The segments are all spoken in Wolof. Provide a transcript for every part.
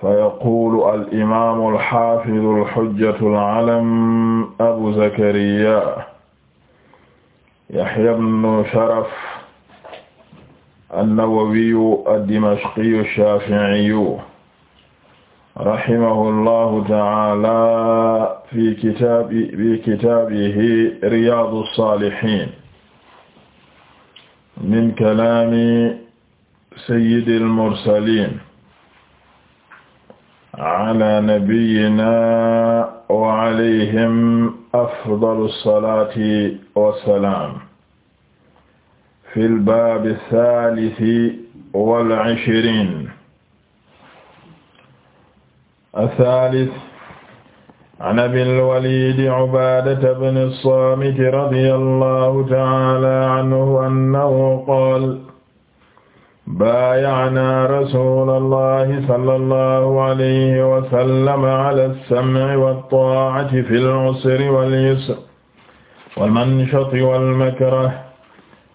فيقول الإمام الحافظ الحجة العلم أبو زكريا يحيى بن شرف النووي الدمشقي الشافعي رحمه الله تعالى في كتاب في كتابه رياض الصالحين من كلام سيد المرسلين ala nabiyyina wa alayhim afdalu salaati wa salaam. fil baabi saalisi wal ishriin. asaalis. an abil waliidi ubaadata bni saamiti radiyallahu ta'aala anhu annahu qaala baayaanaa rasuulallaahi sallallahu alayhi wa sallam ala sam'i wat-taa'ati fil usri wal yusri wal manshati wal makrah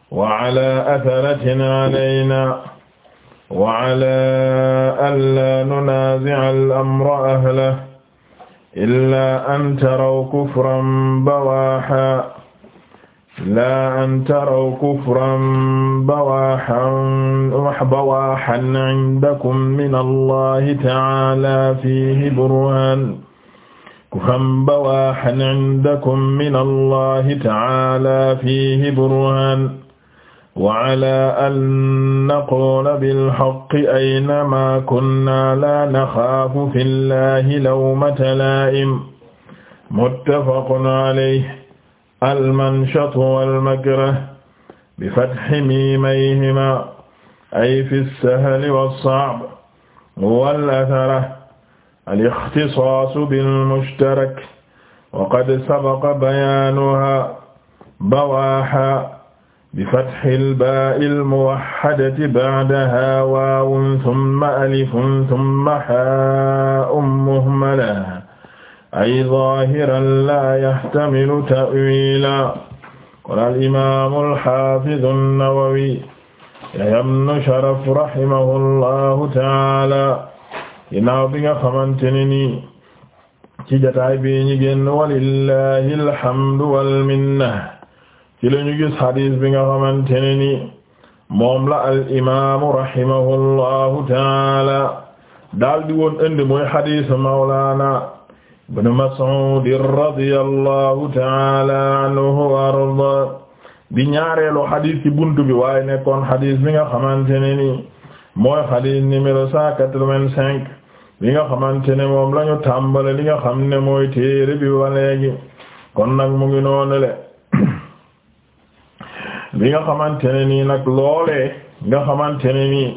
wa ala atharatin alaynaa wa ala allaa nunaazi'a al-amra ahlahu illaa an taraw kufran bawaahan laa an taraw kufran bawaaxan bawaaxan indakum min allahi taala fiihi burhan kufran bawaaxan indakum min allahi taala fiihi burhan wa ala an naquula bilhaqqi aynamaa kunnaa laa naxaafu fi llahi lawmata laa'im muttafaqun alayhi almanshatu walmakrah bi fathi miimayhima ay fi sahli wassa'b wal athara alixtisaasu bilmushtarak wa qad sabaqa bayaanuha bawaaxa bi fathi lbaa'i lmuwahhadati ba'daha waawun thumma alifun thumma haa'un muhmala ay zaahiran laa yahtamilu ta'wiila kon al imaamu al-haafidu an-Nawawi Yahya ibnu Sharaf rahimahullahu taala ginnaaw bi nga xamante ne nii ci jataay bi ñu génn walillahi alhamdu wal minna ci la ñu gis xadiis bi nga xamante ne nii moom la al imaamu rahimahullahu taala daal di woon indi mooy xadiis Mawlaana ibn Mas'ud radiyallahu ta'ala anhu wa arda di ñaareelu xadis ci buntu bi waaye nekkoon xadis bi nga xamante ne ni mooy xadis numéro cent quatre-vingt-cinq bi nga xamante ne moom lañu tàmbale li nga xam ne mooy téere bi ba léegi kon nag mu ngi noonu le nga xamante ne nii nag loolee nga xamante ne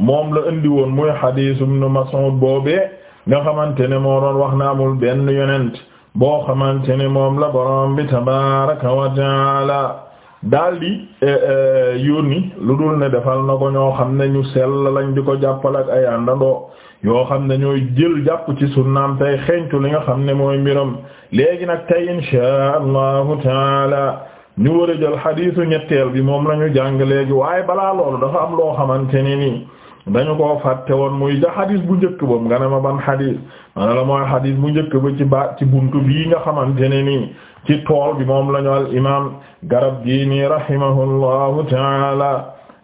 moom la indi woon muy xadis ibn Mas'ud boobee nga xamante ne moo doon wax na amul benn yonent boo xamante ne moom la borom bi tabaraka wa taala daldi eh, eh, yónni lu dul ne defal na ko ñoo xam ne ñu sell lañu di ko jàppal ak ay àndandoo yoo xam ne ñooy jël jàpp ci sunnaam tey xeeñtu li nga xam ne mooy mbiram léegi nag tey inshaa allahu taala ñu war a jël xadiisu ñetteel bi moom la ñu jàng léegi waaye balaa loolu dafa am loo xamante ni nii dañu koo fàtte woon muy ja xadis bu njëkk boobu nga ne ma ban xadis mana la mooy xadis bu njëkk ba ci ba ci buntu bii nga xamante ne nii ci tool bi moom la ñu al imam garab gii nii rahimahullahu taala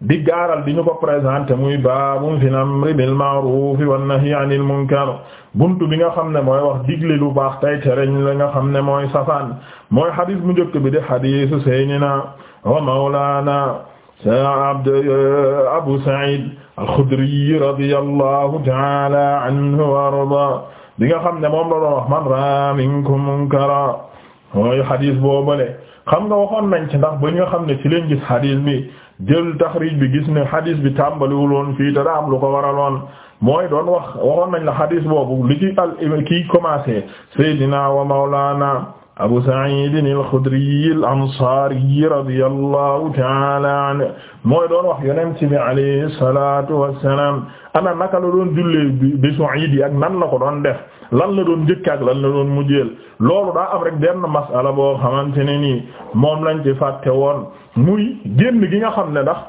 di gaaral di ñu ko présenté muy baabun fil amri bil ma'ruf wan nahyi anil munkar buntu bi nga xam ne mooy wax digle lu baax tay tereñ la nga xam ne mooy safaan mooy xadis mu njëkk bi di xadisu sayyidina wa mawlana sa abd eh, Abu Sa'id al-Khudri radiyallahu ta'ala anhu wa arda bi nga xam ne moom la doon wax man ra'a minkum munkara mooy xadis boobale xam nga waxoon nañ ci ndax ba ñu nga xam ne ci leen gis xadis bi jël taxrij bi gis ne xadis bi tàmbaliwuloon fii te daa am lu ko waraloon mooy doon wax waxoon nañ la xadis boobu li ci al kii commencé Seydina wa Mawlana abu saidin alxudriyi l ansaariyi radi allahu taala anhu mooy doon wax yonent bi alayhi salatu wassalaam ana naka la doon jullee bésu iid yi ak nan la ko doon def lan la doon njëkk ak lan la doon mujjeel loolu daa am rek benn masala boo xamante ne nii moom lañ ci fàtte woon muy génn gi nga xam ne ndax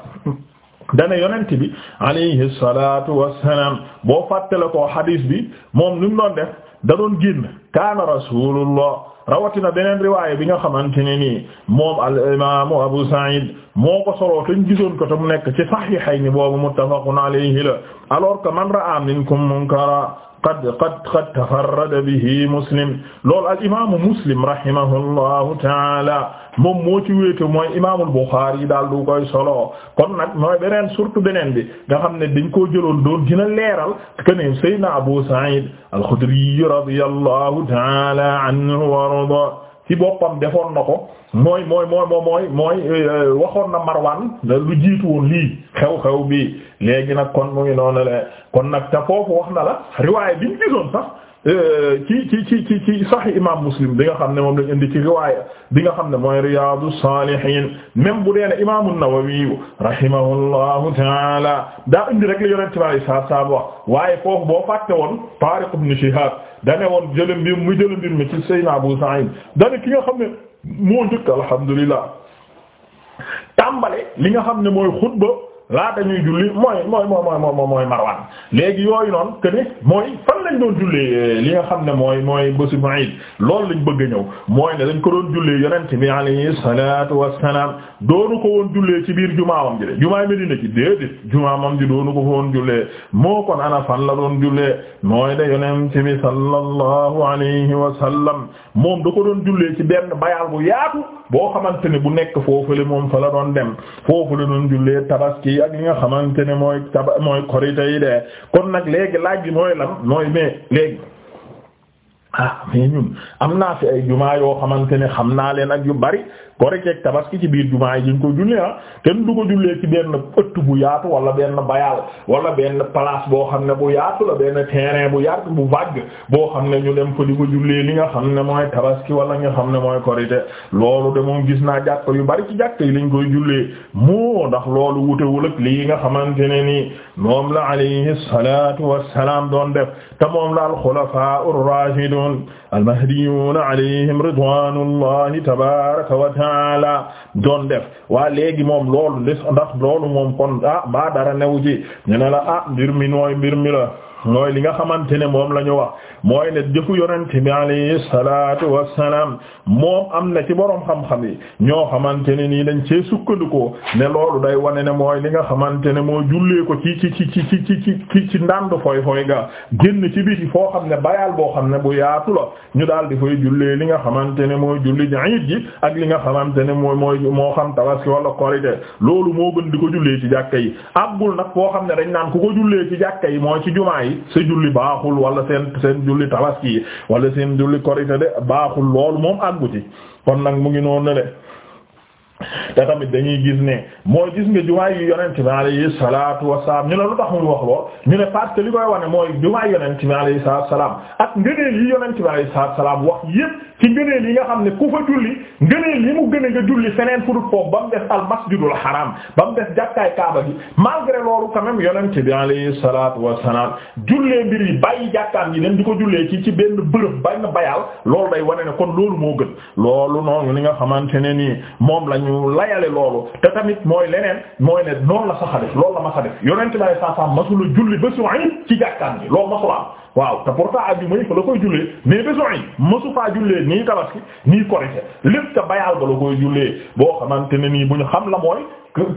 dana yonent bi alayhi salatu wassalaam boo fàtte la ko xadiis bi moom ni mu doon def da doon génn kaana rasulullah rawatina beneen riwaaya bi nga xamante ne nii moom al imaamu Abu Sa'id moo ko soloo te ñu gisoon ko te mu nekk ci Sahihayni boobu muttafaqun alayhi la alors que man ra'a minkum munkara qad qad qad tafarrada bihi muslim loolu al imaamu muslim rahimahullahu taala moom moo ci wéete mooy imaamul Buxaari daal du koy solo kon nag mooy beneen surtout beneen bi nga xam ne dañ koo jëloon doon dina leeral que ne Seydina Abu Saïd al-Xudri radiyallahu taala anhu wa arda ci boppam defoon na ko mooy mooy mooy mooy mooy euh, waxoon na Marwan lu jiitu woon lii xew-xew bi léegi nag kon mu ngi noonu le kon nag te foofu wax na la riwaay bi ñu gisoon sax Euh, ci ci ci ci ci Sahih Muslim bi nga xam ne moom lañ indi ci riwaaya bi nga xam ne mooy Riyadus Salihin même bu dee ne imam An-Nawawi rahimahullahu taala daa indi rek la yonent bi alayhi salaatu salaam wax waaye foofu boo fàtte woon Tariq ibn Shihab dane woon jële mbir mu jële mbir mi ci Sayyidina Abu Sa'id dane ki nga xam ne moo njëkk alhamdulillah li nga xam ne mooy xutba laata ñuy julli mooy mooy mooy mooy mooy mooy marwan léegi yooyu noonu que mooy fan lañ doon jullee eh, li nga xam ne mooy mooy bésu Iid loolu lañ bëgg a ñëw mooy ne dañ ko doon jullee yonent bi alayhi salaatu wassalaam doonu ko woon jullee ci biir jumaa jumaawam ji de jumaay Medina ci déedéet jumaamam ji doonu ko fa woon jullee moo kon ana fan la doon jullee mooy de yonent bi sallallahu alayhi wa sallam moom da ko doon jullee ci benn bayaal bu yaatu boo xamante ne bu nekk foofu le moom fa la doon dem foofu la doon jullee tabaski ak yi nga xamante ne mooy taba mooy korite yi de kon nag léegi laaj bi mooy lan mooy mais léegi ah mais ñun am naa fi ay jumaa yoo xamante ne xam naa leen ak yu bari kori ceeg tabaski ci biir jumaa yi ñu ko jullee ah. kenn du ko jullee ci benn ëtt bu yaatu wala benn bayaal wala benn place boo xam ne bu yaatu la benn terrain bu yaatu bu vague boo xam ne ñu dem fa di ko jullee li nga xam ne mooy tabaski wala nga xam ne mooy korite loolu de moom gis naa jàkk yu bari ci jàkk yi lañ koy jullee moo ndax loolu wutewul ak lii nga xamante ne nii moom la alayhi salaatu wassalaam doon def te moom la al-xulafaa ar-raashidun almahdiyuuna alayhim ridwanullahi tabaraka wa taala doon def waa léegi moom loolu ndax loolu moom kon ah ba dara new ji ñu ne la ah mbir mi nooy mbir mi la mooy li nga xamante ne moom la ñu wax mooy ne jëfu yonent bi alayhi salaatu wassalaam moom am na ci boroom xam-xam yi ñoo xamante ne nii dañ cee sukkandikoo ne loolu day wane ne mooy li nga xamante ne moo jullee ko ci ci ci ci ci ci ci ci ndànd foy foy ga génn ci biti foo xam ne bayaal boo xam ne bu yaatu ñu daal di fay jullee li nga xamante ne mooy julli ji iid ji ak li nga xamante ne mooy mooy moo xam tabaski wala korite loolu moo gën di ko jullee ci jàkka yi àggul nag foo xam ne dañ naan ku ko jullee ci jàkka ci jumaa yi yi sa julli baaxul wala seen seen julli tabaski wala seen julli korite de baaxul loolu moom àggu ci kon nag mu ngi noonu de te tamit dañuy gis ne mooy gis nga jumaa yi yonent bi alayhi salaatu wasalaam ñu ne lu tax muy wax lool ñu ne parce li koy wane mooy jumaa yi yonent bi alayhi salaatu wasalaam ak ngëneel yi yonent bi alayhi salaatu wasalaam wax yépp ci ngëneel yi nga xam ne ku fa julli ngëneel yi mu gën a nga julli feneen fu dul foofu ba mu des al masjidul haram ba mu des jàkkaay kaaba gi malgré loolu quand même yonent bi alayhi salaatu wassalaam jullee mbir yi bàyyi jàkkaam gi leen di ko jullee ci ci benn bërëb ba nga bayaal loolu day wane ne kon loolu moo gën loolu noonu li nga xamante ne nii moom la ñu layale loolu te tamit mooy leneen mooy ne noonu la sax a def loolu la ma sa def yonent bi alayhi salaatu wassalaam masula ba su ci jàkkaam gi loolu masula waaw te pourtant àjjuma yi fa la koy jullee mais bésu yi mosu faa jullee nii tabaski nii korite lépp ca bayaal ba la koy jullee boo xamante ne nii bu ñu xam la mooy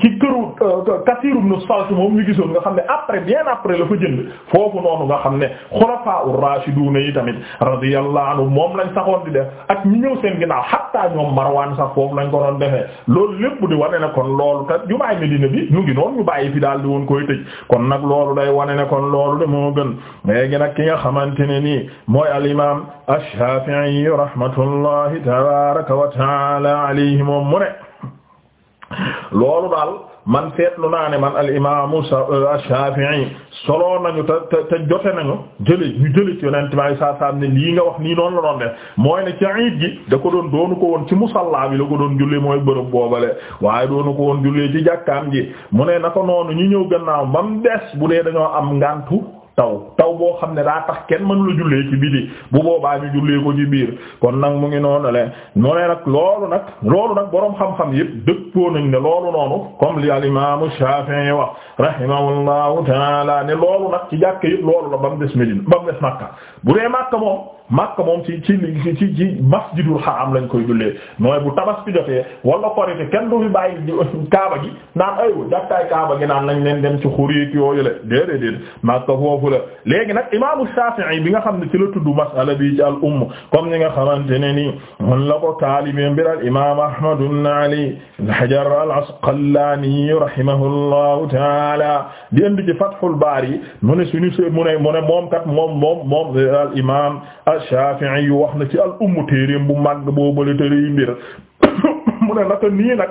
ci këru euh, Kasiir ibn Salt moom ñu gisoon nga xam ne après bien après la fa jënd foofu noonu nga xam ne xulafaa ar-raashiduuna yi tamit radiyallahu anhu moom lañ saxoon di def ak ñu ñëw seen ginnaaw xatta ñoom Marwaan sax foofu lañ ko doon defee loolu lépp di wane ne kon loolu te jumaay Medina bi ñu ngi noonu ñu fi daal di woon koy tëj kon nag loolu day wane ne kon loolu de moo gën léegi nag ki nga xamante ne nii mooy al imaam ash-Shaafi'i rahmatullahi tabaaraka wa ta'aala alayhi moom mu ne loolu daal man seetlu naa ne man al imaamu euh, Shaafi'i solo nañu te te te jote nañu jëlee ñu jëlee ci yonent bi saa saa ne lii nga wax nii noonu la doon def mooy ne ci iid gi da ko doon doonu ko woon ci musalla bi la ko doon jullee mooy bërëb boobale waaye doonu ko woon jullee ci jàkkaam ji mu ne na ko noonu ñu ñëw gannaaw ba mu des bu dee dañoo am ngàntu taw. boo xam ne daa tax kenn mënu la jullee ci biti bu boobaa ñu jullee ko ci biir kon nag mu ngi noonu leen moo ne nag loolu nag loolu nag boroom xam-xam yëpp dëppoo nañ ne loolu noonu comme li al imaamu Shaafi'i wax rahimahullahu taala ne loolu nag ci jàkke yëpp loolu la ba mu des Médine ba mu des Makka bu dee Makka moom Makka moom ci ci ci ci masjidul haram lañ koy jullee mooy bu tabaski jotee wala korite kenn du fi bàyyi kaaba gi naan aywa jàkkaay kaaba gi naan nañ leen dem ci xuriit yooyu le léegi nag imaamu Shafi'i bi nga xam ne ci la tudd masala bi ci al umm comme ni nga xamante ne ni mun la ko taalibi mbir al imaam Ahmad ibn Ali al-Hajar al-Asqalani rahimahullahu taala di indi ci Fathul Baari mu ne suñu mu ne mu ne moom kat moom moom moom al imaam Shafi'i yu wax na ci al umm téereem bu mag boobale téere yi mbir mu ne naka nii nag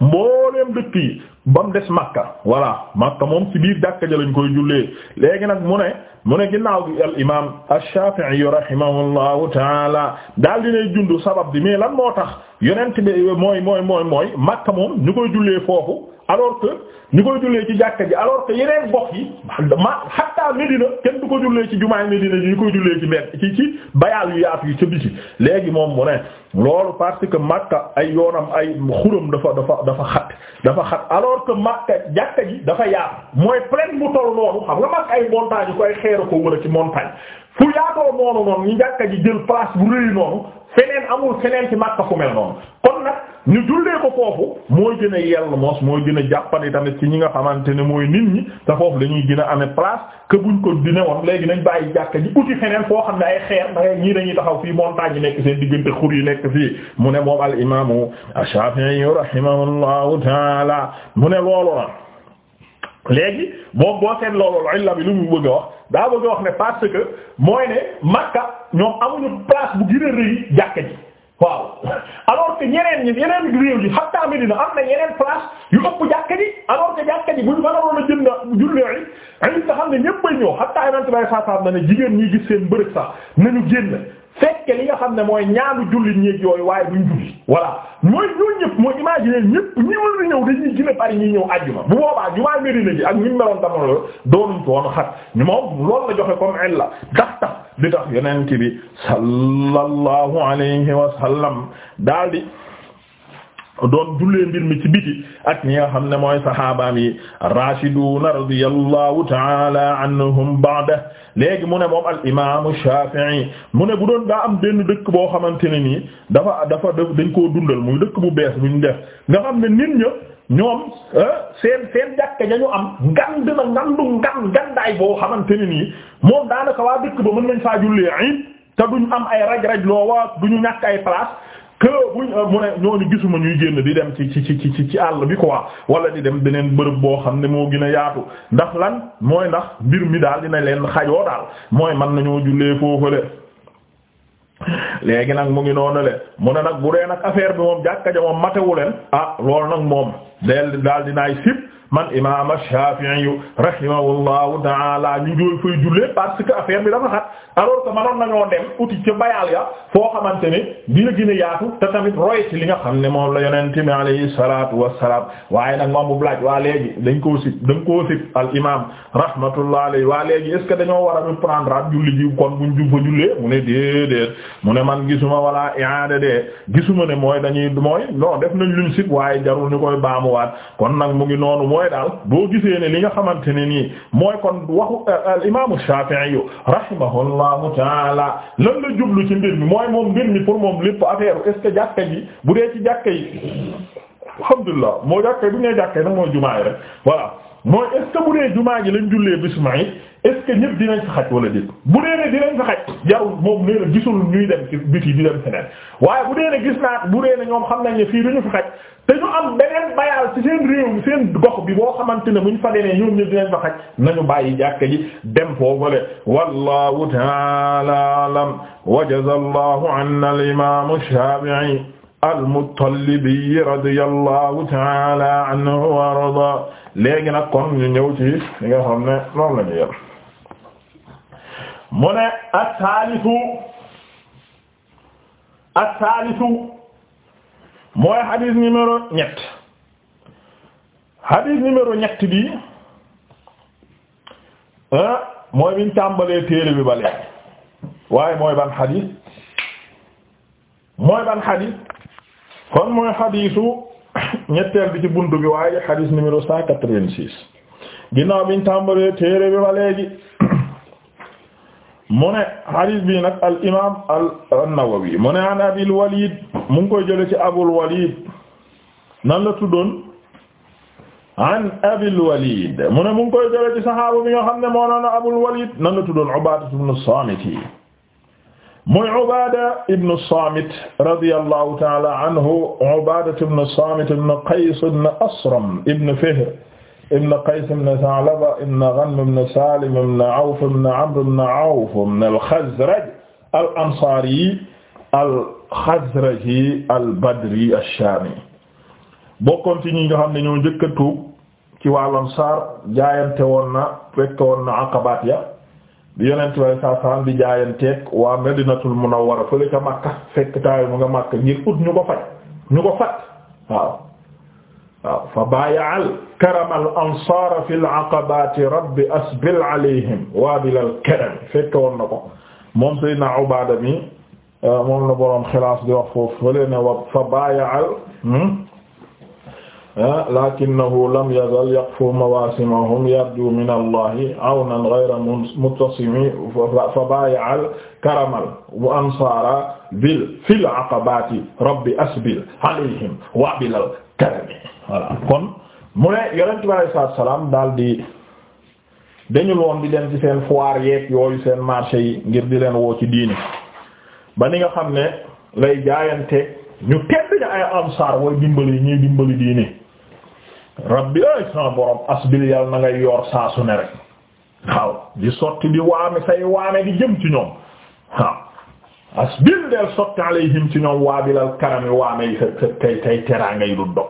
mbooleem dëkk yi ba mu des makka voilà makka moom ci biir jàkka ja lañ koy jullee léegi nag mu ne mu ne ginnaaw gi al imaam ash-Shafi'i rahimahullahu taala daal dinay jundu sabab bi mais lan moo tax yonent bi mooy mooy mooy mooy makka moom ñu jullee foofu. alors que ñu koy jullee ci jàkka ji alors que yeneen gox yi ma hatta Medina kenn du ko jullee ci jumaay Medina ñu koy jullee ci mbedd ci ci bayaal yu yaatu yi ca biti léegi moom mu ne loolu parce que Makka ay yoonam ay xuram dafa dafa dafa xat dafa xat alors que Makka jàkka ji dafa yaatu mooy plaine mu toll noonu xam nga Makka ay montagne yu koy xeeru ko wër ci montagne fu yaatoo noonu noonu ñu jàkka ji jël place bu rëy noonu feneen amul feneen ci matt fu mel noonu nag ñu jullee ko foofu mooy gën a yell moos mooy gën a jàppandi tamit ci ñi nga xamante ne mooy nit ñi te foofu la ñuy gën a amee place que buñ ko dine woon léegi nañ bàyyi jàkka ji uti feneen foo xam ne ay xeer ndax ñii dañuy taxaw fii montagne yi nekk seen diggante xur yi nekk fii mu ne moom al imaamu Shafi'i rahimahullahu taala mu ne loolu na léegi moom boo seen loolu illa bi lu mu bëgg a wax daa bëgg a wax ne parce que mooy ne Makka ñoom amuñu place bu gën a rëy waaw alors que ñeneen ñi yeneen réew yi hatta Medina am na yeneen place yu ëpp jàkka ji alors que jàkka ji buñ mënoon a jënd jullee ay nga xam ne ñëpp bay ñëw hatta Yonent bi sallallahu alayhi wasallam na ne jigéen ñi gis seen bërëg sax nañu génn fekk li nga xam ne mooy ñaanu jullit ñéeg yooyu waaye duñ julli voilà mooy ñooñu ñëpp mooy imaginer ñëpp ñi war a ñëw dañuy gën a bari ñi ñëw àjjuma bu boobaa jumaa Medina ji ak ñu meloon tamalo doonuñ ko woon xat ñu moom loolu la joxe comme illa ndax bi sallallahu alayhi wa sallam daldi doon jullee mbir mi ci biti ak ñi nga xam ne mooy saxaabaam yi rashiduna radiyallahu ta'ala anhum ba'da léegi mu ne moom al imaamu Shaafi'i mu ne bu doon daa am benn dëkk boo xamante ne nii dafa dafa dañ koo dundal muy dëkk bu bees bu ñu def nga xam ne nin ña ñoom euh, seen seen jàkke dañu am ngan dina ngandu ngan ngandaay boo xamante ne nii moom daanaka waa dëkk ba mën nañ faa jullee iid te duñ am ay raj-raj loo waa duñu ñàkk ay place que euh, mu ne ñooñu gisuma ñuy génn di dem ci ci ci ci ci àll bi quoi wala di dem beneen bërëb boo xam ne moo gën a yaatu ndax lan mooy ndax mbir mi daal dina leen xajoo daal mooy man nañoo jullee foofu le léegi nag mu ngi noonu le mu ne nag bu dee nag affaire bi moom jàkka ja moom matewu leen a ah lool nag moom del daal dinaay sip man imam Shafi'i rahimahullahu ta'ala ñu doon fay jullee parce que affaire bi dafa xat alors que manoon nañoo dem uti ca bayaal ya foo xamante ne dina gën yaatu te tamit roy li nga xam ne moom la yonente bi alayhi salatu wassalam waaye nag moom bu laaj waa léegi dañ koo sib dañ koo sib al imam rahmatullah alayhi waa léegi est-ce que dañoo war a reprendre ak julli ji kon buñ ju fa jullee mu ne déedéet mu ne man gisuma wala i'ada de gisuma ne mooy dañuy mooy non def nañ luñ sib waaye jarul ñu mooy daal boo gisee ne li nga xamante ni nii mooy kon waxu euh, euh, al imaamu Shaafi'i rahimahullahu taala lan la jublu ci mbir mi mooy moom mbir mi pour moom lépp affaire est-ce que jàkka ji bu dee ci jàkka yi alhamdulillah moo jàkka yi bu ñu nee mooy jumaa rek voilà. mooy est ce que bu dee jumaa ji lañ jullee bisimilah est ce que wala déet bu dee ne dinañ fa xaj jarul moom nee na ne gis naa bu dee te ñu am beneen bayaal ci seen réew seen gox bi boo xamante ne buñ fa demee ñoom ñëpp dinañ fa xaj nañu bàyyi jàkka ji dem foofule wallahu ta'ala a'lam wa jazallahu 'anna al-imam ash-Shafi'i al-Muttalibi radiyallahu ta'ala anhu wa arda léegi nag kon ñu ñëw ci li nga xam ne moom la ñu yem mu ne as-saalisu mooy hadith numéro ñett hadith numéro ñett bi ah mooy biñ tàmbalee téere bi ba léegi waaye mooy ban hadith mooy ban hadith kon mooy hadithu ñetteel bi ci buntu bi waaye xadis numéro cent quatre vingt ginnaaw biñ tàmbalee téere bi ba léegi mu ne xadis bi nag al imaam an-Nawawi mu ne an Abil Walid mu ngi koy jële ci Abul Walid nan la tuddoon an Abil Walid mu ne mu ngi koy jële ci saxaabu bi nga xam ne moo noonu Abul Walid nan la tuddoon Ubaadatu ibn Saamit muy Ubaada ibn Saamit radiyallahu ta'ala anhu Ubaada ibn Saamit ibn Qays ibn Asram ibn Fihr ibn Qays ibn Tha'laba ibn Ghanm ibn Saalim ibn Awf ibn Amr ibn Awf ibn al-Khazraj al-Ansaari al-Khazraji al-Badri ash-Shaami bokkoon ci ñi nga xam ne ñoo njëkk a tuub ci wàllu Ansaar jaayante woon na fekk woon na Aqabaat ya di yonent bi saa salaam di jaayanteeg waa Madinatul Munawwara fële ca Makka fekk taay mu nga Makka ngir ut ñu ko faj ñu ko fat waaw waaw fa baayaal karamal ansaara fil aqabaati rabbi asbil alayhim waabilal karam fekk woon na ko moom Seydina Ubaada mi moom la boroom xilaas di wax foofu fële ne wa fa baayaal. Hmm? lakinnahu lam yazal yaqfu mawasimahum yarju min allahi awnan ghayra muttasimi fa baaya'al karamal wa ansara bil fil aqabati rabbi asbil alayhim wa bilal karami voilà kon mu ne yonent bi alayhi salaatu wa salaam daal di dañu woon di dem ci seen foire yeeg yooyu seen marché yi ngir di leen woo ci diini ba ni nga xam ne lay jaayante ñu tedd ña ay ansaar way dimbali ñuy dimbali diini rabbi ay sama borom asbil yàlla na ngay yor saa su di sotti di waame say waame di jëm ci ñoom waaw asbil del sotti alayhim ci ñoom waabilal karami waame yi sa kay kay teraanga yi du dog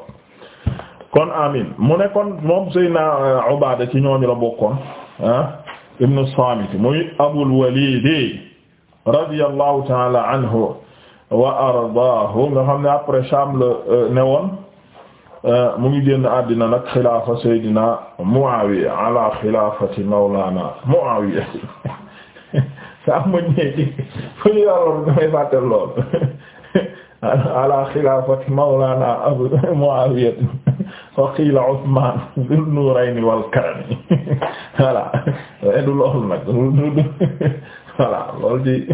kon amin mu ne kon moom Seydina euh, Ubaada ci ñooñu la ah, taala anhu wa ardaahu nga ne après Euh, mu ngi génn àddina nag xilaafa Seydina Muawiya ala xilaafati Mawlana Muawiya saa ma ñëwee fu ñu yoroon damay fàtte lool ala xilaafati Mawlana Abu Muawiya wa eh, du loolu nag voilà loolu ci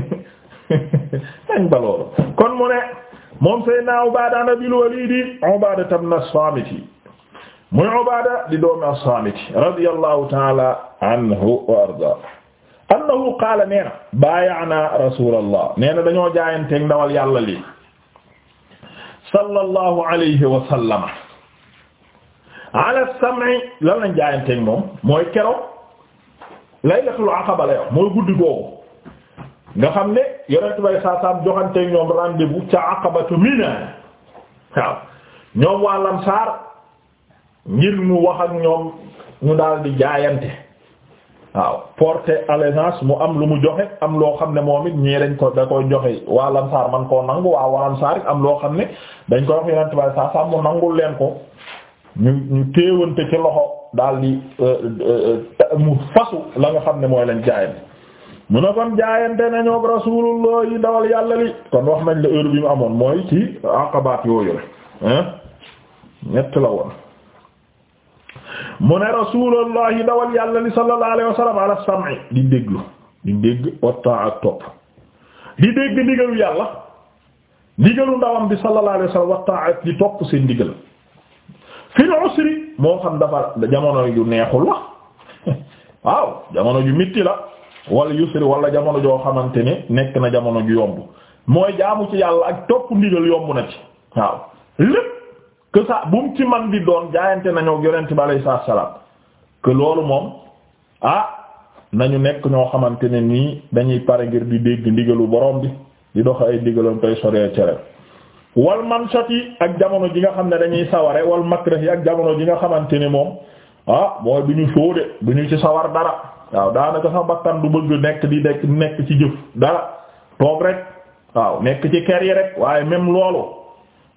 dañ ba loolu kon mu ne. moom Seydina Ubaada nabil Waliidi Ubaada ibn as-Saamiti muy Ubaada di doomi as-Saamiti radiyallahu ta'ala anhu wa ardaa annahu qaala nee na baayaana rasuulallah nee na dañoo jaayanteeg ndawal yàlla li sallallahu alayhi wa sallama ala sam'i lan lañ jaayanteeg moom mooy keroog laylatul aqaba la mooy guddi googu nga xam ne yonent bay saasaam joxante ñoom rendez-vous ca Aqabatu Mina waaw ñoom waa Lamsaar ngir mu wax ak ñoom ñu daal di jaayante waaw porter allégeance mu am lu mu joxe am loo xam ne moom it ñii dañ ko da koy joxe waa Lamsaar man koo nangu waa waa Lamsaar it am loo xam ne dañ koy wax yonent bay saasaam mu nangul leen ko ñu ñu téewante ci loxo daal di euh, euh, euh, mu fasu la nga xam ne mooy lañ jaayante mu ne kon jaayante nañoog rasulullah yi dawal yàlla li kon wax nañ la heure bi mu amoon mooy ci aqabaat yooyu la ñett la woon mu ne rasulullah yi dawal yàlla li sallallahu alayhi wa sallam ala sam'i di déglu di dégg otta ak topp di dégg ndigalu yàlla ndigalu ndawam bi sallallahu alayhi wa sallam wa ta'at di topp seen ndigal fil usri moo xam dafa jamono yu neexul la waaw jamono yu mitti la wala yusri walla jamono joo xamante ni nekk na jamono ju yomb mooy jaamu ci yàlla ak topp ndigal yomb na ci waaw lépp que bu mu ci man di doon jaayante nañoo yonent bi alayhi salaam que loolu moom ah nañu nekk ñoo xamante ne nii dañuy pare ngir di dégg ndigalu borom bi di dox ay ndigalam tey soree cere wal manshat yi ak jamono ji nga xam ne dañuy saware wal makrah yi ak jamono ji nga xamante ne moom ah mooy du ñu sóode du ñu ci sawar dara. waaw daanaka sax bakkan du bëgg nekk di nekk nekk ci jëf dara toog rek waaw nekk ci kër yi rek waaye même loolu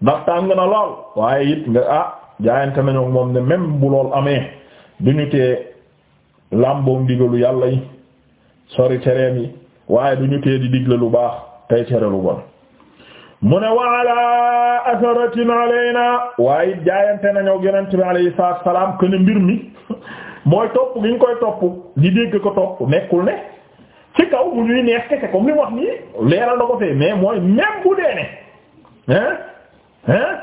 ndax tàng na lool waaye it nga ah jaayante nañu moom ne même bu lool amee du ñu tee làmboom digalu yàlla yi sori tereem yi waaye du ñu tee di digle lu baax tey tere lu bon mu ne wa ala asaratin alayna waaye it jaayante nañu yonent bi alayhi salaam këne mbir mi mooy topp gi ñu koy topp di dégg ko topp nekkul ne ci kaw mu ñuy neex kese ko li mu wax nii leeral na ko fee mais mooy même bu dee ne hein hein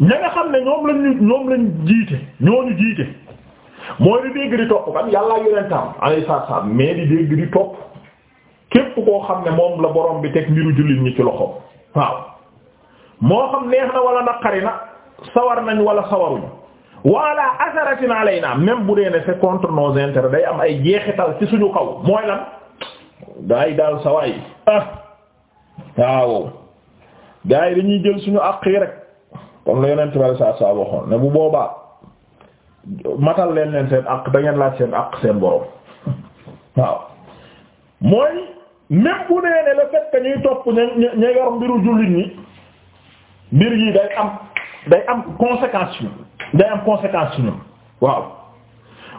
ña nga xam ne ñoom lañu ñoom lañu jiite ñooñu jiite mooy di dégg di topp kan yàllaa yonentam alayhi salaam mais di dégg di topp képp koo xam ne moom la borom bi teg mbiru jullit ñi ci loxo waaw moo xam neex na wala naqari na sawar nañ wala sawaruñ wala asaratin alayna même bu dee ne c'est nos intérêts day am ay jeexital ci suñu kaw mooy lan yi daal sawaay ah waaw gars yi dañuy jël suñu àq yi rek comme la yonent bari saa saa waxoon ne bu boobaa matal leen leen seen àq dangeen laaj seen àq seen borom waaw mooy même bu nee ne le fait ñuy topp ña ña yor mbiru jullit ñi mbir yi day am day am conséquence yu day am conséquence ci ñun waaw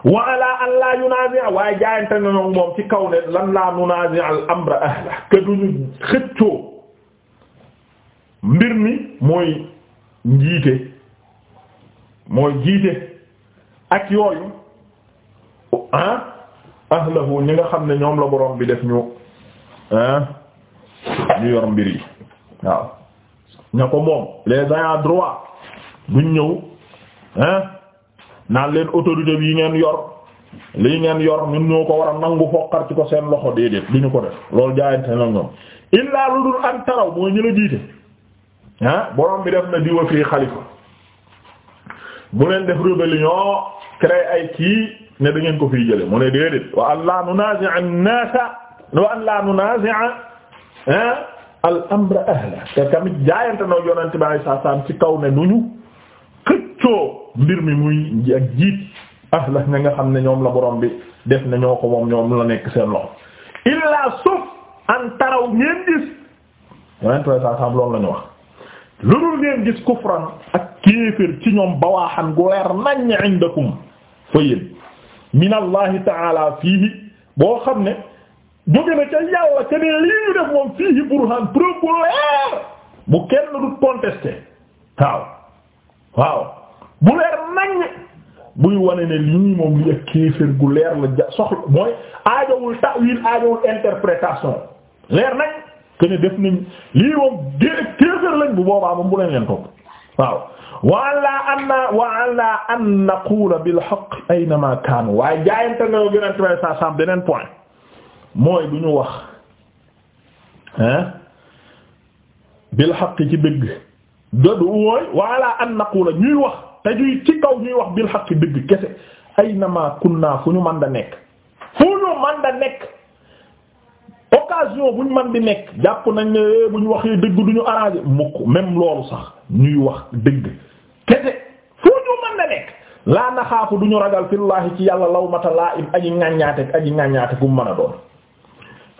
wa ala an la yunazi'a waaye jaayante na moom ci kaw ne lan la nunazi'a al amra ahla ke duñu xëccoo mbir mi mooy njiite mooy jiite ak yooyu ah ahlahu ñi nga xam ne ñoom la borom bi def ñu ah ñu yor mbir yi waaw ña ko moom les ayants droit duñ ñëw hein naan leen autorité bi yi ngeen yor lii ngeen yor ñun ñoo ko war a nangu foqar ci ko seen loxo déedéet du ñu ko def loolu jaayante na ñoom illaa lu dul an taraw mooy ñu la jiite ah borom bi def na diwa fii xalifa bu leen def rébellion créé ay kii ne da ngeen ko fii jële mu ne déedéet wa an la nunazi'a an-nasa wa an la nunazi'a al amra ahla te jaayante na yonente bi sallallahu alayhi ci kaw ne nu ñu xëccoo mbir mi muy ak jiit ah la ña nga xam ne ñoom la borom bi def na ñoo ko moom ñoom la nekk seen loxo illaa suuf an taraw ngeen gis wax lu dul ngeen gis kufran ak kéefér ci ñoom bawaaxan gu leer naññ indakum boo xam ne jóge na ca ñu def moom fiihi burhan preuve bu kenn du contesté waaw waaw bu leer nañ buy wane ne lii moom li ak kéefër gu leer la ja soxla mooy aajowul ta'wil aajowul interprétation leer nañ que ne def nañ lii moom kéefër lañ bu boobaa moom bu leen leen topp waaw wa ala anna wa ala an naqula bil haqq aynama kaanu waaye jaayante nga yoo gënante way sa beneen point mooy du ñu wax ah bil haqq ci dëgg dodu wooy wa ala an naqula ñuy wax te ñuy ci kaw ñuy wax bil xaq dëgg kese ay nama naa fu ñu man da nekk fu ñu man da nekk occasion bu ñu man di nekk jàpp nañ ne eh, bu ñu waxee dëgg du ñu arrangé mukk même loolu sax ñuy wax dëgg kese fu ñu man da nekk laa naxaafu du ñu ragal fillaahi ci yàlla lawmata laa im aji ŋàññaate aji ŋàññaate fu mu mën a doon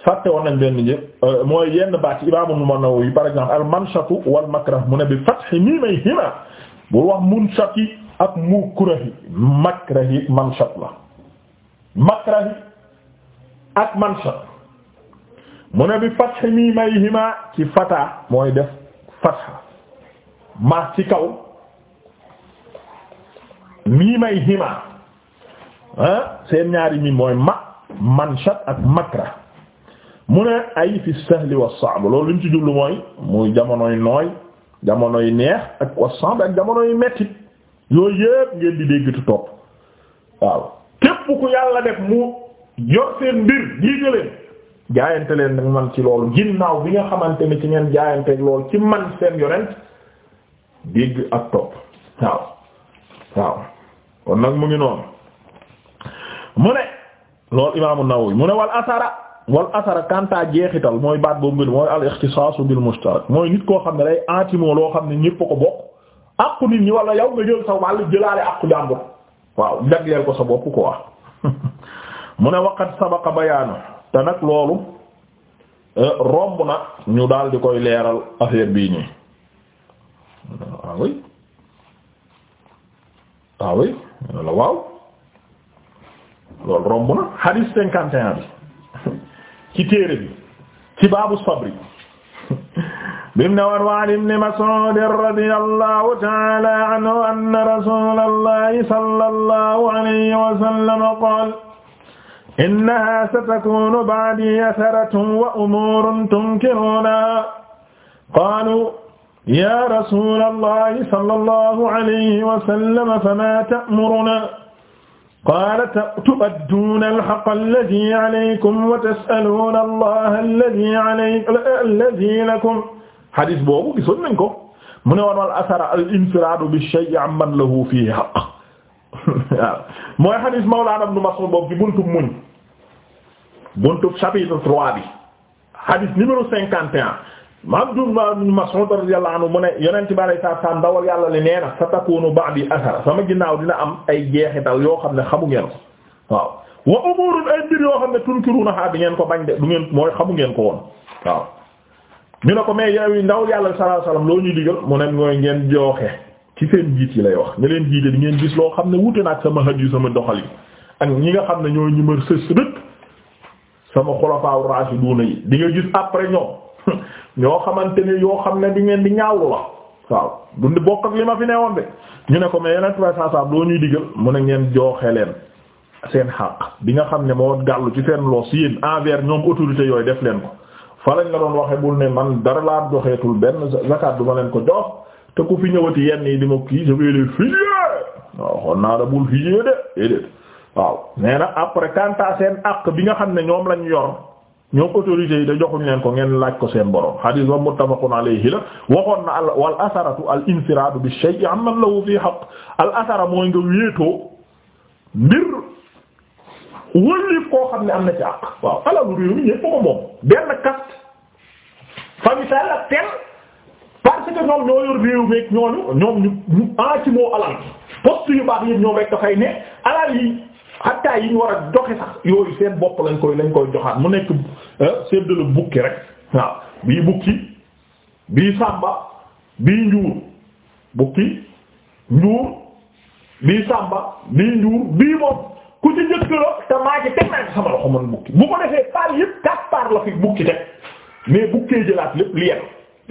fàtte woon nañ benn njëpp euh, mooy yenn baat ci imaamu Nawawi par exemple al manshatu wal makrah mu ne bi fathi miimayhima bul wax munshati ak mukrahi makrahi manshat la makrahi ak manshat mu ne bi fathi miimayhima ci fata mooy def fatha maas ci kaw miimayhima ah seen ñaari mi mooy ma manshat ak makra mu ne ay fi sahli wa sa'b loolu li ñu ci jublu mooy muy jamonoy nooy jamonoy neex ak wasamb ak jamonoy metti yooyu yëpp ngeen di dégg topp waaw képp ku yàlla def mu yor seen mbir jiite leen jaayante leen nag man ci loolu ginnaaw bi nga xamante ni ci ngeen jaayanteeg loolu ci man seen yonent dégg ak topp waaw waaw kon nag mu ngi noonu mu ne loolu imaamu Nawawi mu ne wal asara wal asara kanta jeexital mooy baat boobu ngir mooy al bil mushtarak mooy nit koo xam ne day antimoo loo xam ne ñëpp a ko bokk àqu nit ñi wala yow nga jël sa wàll jëlaale àqu jàmbur waaw jagleel ko sa bopp ko wax mu ne waqat sabaqa bayaanu te nag loolu euh, romb na ñu daal di koy leeral affaire bii nii waaw ah ah waaw waaw loolu romb na hadith cinquante et ci téere bi ci baabu sabri bim ne war waan ibn Mas'ud radiyallahu ta'ala anhu anna rasulallahi sallallahu alayhi wa sallam qala innaha satakunu ba'di atharatun wa umurun tunkirunaha qalu ya rasulallahi sallallahu alayhi wa sallam fama ta'muruna qaala tu'adduuna al-haqqa alladhii 'alaykum wa tas'aluuna Allaha alladhii 'alaykum alladhii lakum hadis boobu gisoon nañ ko mu ne woon wal asara al-infiraadu bi-shay'i 'amman lahu fiihi haqq waaw mooy hadis Mawlaana Ibn Mas'uud boobu ci buntub muñ buntub chapitre 3 bi hadis numéro 51 maam dun ma ibn Mas'ud radiyallahu anhu mu ne yonente bi alayhi salaatu salaam ndawal yàlla li nee na sa takunu ba'di athara sama ginnaaw dina am ay jeexital yoo xam ne xamu ngeen ko waaw wa umurun ay mbir yoo xam ngeen ko bañ ngeen mooy xamu ngeen ko waaw ñu ne ko mais yow ndawal yàlla sallallahu alayhi wasallam loo ñuy digal mu ne mooy ngeen jooxe ci seen jiit yi lay wax ñu leen jiite di ngeen gis loo xam ne wuute na ak sama haj yu sama doxal yi ak ñi nga xam ne ñoo ñi ma sës sama xulafaa ar-raashiduna yi di nga gis après ñoom ñoo xamante ne yoo xam ne bi ngeen di ñaawlu la waaw dundi bokk ak li ma fi ne woon de ñu ne ko mais yeneen trois cent cent doo ñuy digal mu ne ngeen jooxee leen seen xaq bi nga xam ne moo gàllu ci seen loos yéen envers ñoom autorité yooyu def leen ko fa lañ la doon waxe bul ne man dara laa joxeetul benn zakat du ma leen ko jox te ku fi ñëwati yenn yi di ma kii je vais les filier waaw xoon naa da bul filier de déedéet waaw nee nag après quant à seen àq bi nga xam ne ñoom lañ yor ñoom autorités yi da joxuñ leen ko ngeen laaj ko seen borom hadis ba muttafaqun alayhi la waxoon na al wal asaratu al infiraadu bi shay'i amman lahu fi haqq al asara mooy koo xam ne am na ci àq waaw alalu moom benn kast famisal ak tel parce que ñoom ñoo ñoom ñu ñu alal poste yu baax yëpp ñoom rek dafay ne alal yi xattaa yi ñu war a joxe sax yooyu seen bopp lañ koy lañ koy joxaat mu nekk seddale bukki rek waaw bii bukki bii sàmba bii njuur bukki njuur bii sàmba bii njuur bii moom ku ci njëkk la te maa ci teg naa ci sama loxo man bukki bu ko defee par yëpp quatre par la fi bukki teg mais bukkee jëlaat lépp li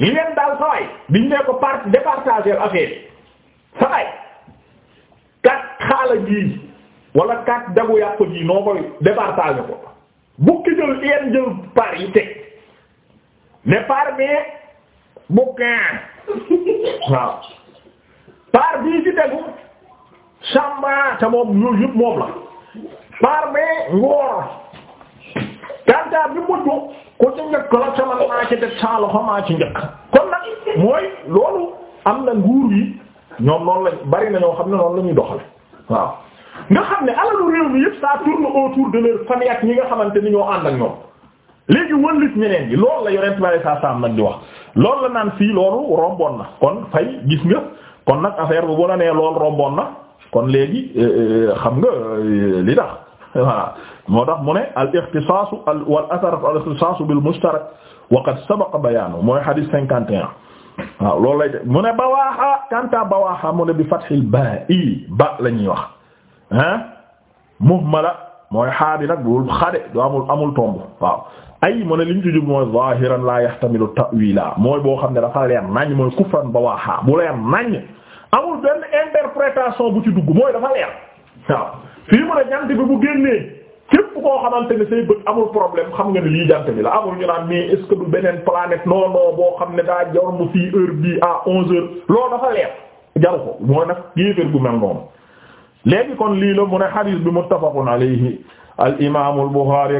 yenn daal sawaay biñ ne ko par départager affaire sawaay kat xaala jii wala kat dagu yàpp ji noo koy départage ko bukki par yi teg ne par bee bukkin waaw par bii ci tegu samba te moom yooyu yëpp moom la par bee ngoor kantaa bi mujj ko ci njëkk la sama naa ci teg saa loxo maa ci njëkk kon nag mooy loolu am na nguur yi ñoom noonu lañ bari na ñoo xam ne noonu la ñuy doxale waaw nga xam ne alalu réew mi yëpp ça tourne autour de leur famille ak ñi nga xamante ni ñoo ànd ak ñoom léegi wëllit ñeneen ñi la yorent bale saa saam nag di wax loolu la naan fii loolu romboon na kon fay gis nga kon nag affaire bu bu la nee loolu romboon na kon léegi euh, euh, xam nga euh, li tax voilà moo tax mu ne al ixtisaasu al wal athar al ixtisaasu bil mushtarak wa mooy hadith cinquante et un waaw loolu lay de mu ne bawaaxa kanta bawaaxa mu ne bi fathil ba i ba la ñuy wax hein muhmala mooy xaa bi nag dul xade du amul amul tomb waaw ay mu ne liñ ci jub mooy zahiran la yahtamilu mooy boo xam ne dafa leer nañ mooy kufran ba waaxaa bu leer nañ amul benn interprétation bu ci dugg mooy dafa leer waaw fii mu ne jant bi bu génnee képp koo xamante ni say bët amul problème xam nga ne lii jant bi la amul ñu naan mais est du beneen planète non non boo xam ne daa jar fii heure bii à onze heures loolu dafa leer jaru léegi kon lii la mu ne bi muttafaqun alayhi al imaamu al buxaari